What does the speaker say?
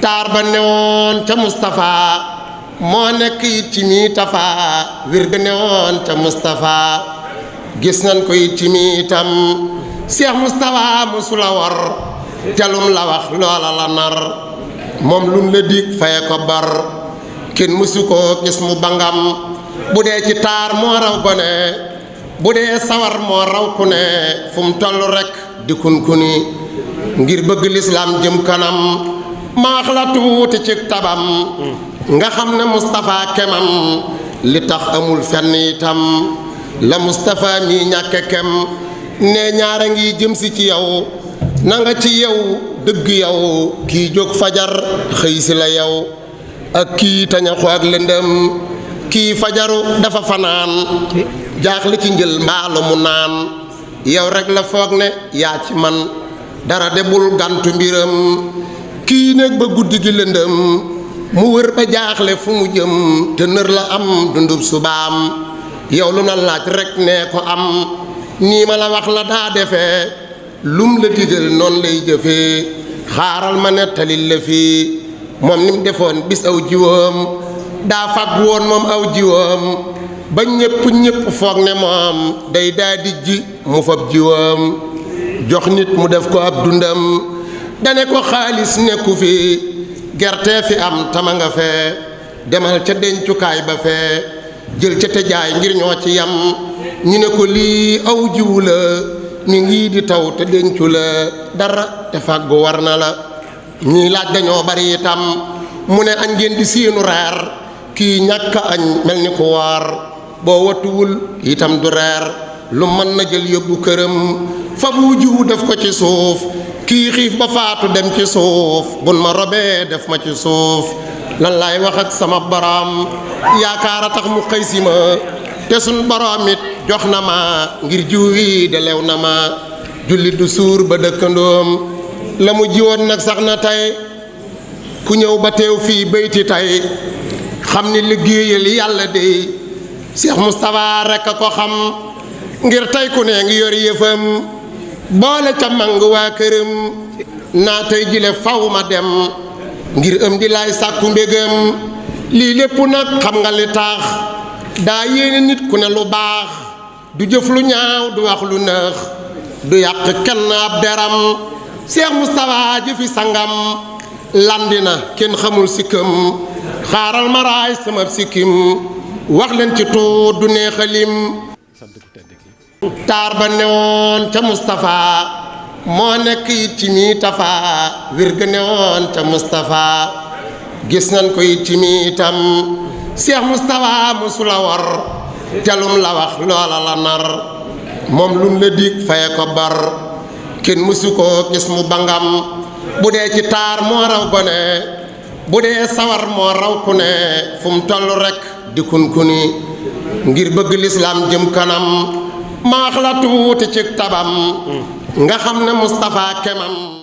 taar ba newoon ca Moustapha moo nekk it ci mii tafa wér ga newoon ca Moustapha gis nañ ko it ci mii itam Cheikh Moustapha mosula war jalum la wax loola la nar moom lum la dig faye ko bar kenn mosu koo gis mu bangam bu dee ci taar moo raw gone bu dee sawar moo raw ku ne fu mu toll rek di kun kuni ngir bëgg lislaam jëm kanam maax la tuuti ci tabam nga xam ne Moustapha kemam li tax amul fenn itam la Moustapha mi ñàkke kem ne ñaara ngi jëm si ci yow na nga ci yow dëgg yow kii jóg fajar xëy la yow ak kii tañaxu ak lëndëm kii fajaru dafa fanaan jaaxle ci njël mbaalu mu naan yow rekk la foog ne yaa ci man dara debul gantu mbiram kii néeg ba guddi gi lëndëm mu wër ba jaaxle fu mu jëm te nër la am dundub subaam yow lu na laaj rekk nee ko am nii ma la wax la daa defee lum la digal noonu lay jëfee xaaral ma nettalil la fii moom ni defoon bis aw jiwam daa fag woon moom aw jiwam ba ñépp ñépp foog ne moom day daa di mu fab jiwam jox nit mu def ko ab dundam dane ko xaalis nekku fi gerte fi am tama nga fee demal ca dencukaay ba fee jël ca tejaay ngir ñoo ci yam ñu ne ko lii aw jiwu la ñu ngi di taw te dencu la dara te fàggu war na la ñuy laaj dañoo bari tam mu ne añ ngeen di siinu reer kii ñàkk añ mel ni ku waar boo wattuwul itam du reer lu mën na jël yóbbu këram fa bu jiwu def ko ci suuf kii xiif ba faatu dem ci suuf bun ma robee def ma ci suuf lan laay wax ak sama boroom yaakaar a tax mu xëy si ma te suñ boroom it jox na ma ngir jiw wi de na ma jullit du suur ba dëkkandoom la mu jiwoon nag sax na tey ku ñëw ba teew fii bayti tey xam ni liggéeyal yàlla dey Cheikh Moustapha rekk a ko xam ngir tey ku ne ngi yor yëfam boole ca mang waa këram naa tey jile faw dem ngir ëm di laay sàkku mbégam lii lépp nag xam nga li tax daa yéene nit ku ne lu baax du jëf lu ñaaw du wax lu nëx du yàq kenn ab deram Cheikh Moustapha jëfi sangam landi kenn xamul sikkam xaaral ma raay sama sikkim wax leen ci tuut du neexalim taar ba newoon ca Moustapha moo nekk it ci mii tafa wér ga newoon ca Moustapha gis nañ ko it ci mii itam Cheikh Moustapha mosula war jalum la wax loola la nar moom lum la dig faye ko bar kenn mosu koo gis mu bangam bu dee ci taar moo raw gone bu dee sawar moo raw ku ne fu mu toll rek di kunkuni ngir bëgg lislaam jëm kanam maax la tuuti ci tabam mm. nga xam ne mustafa Kemam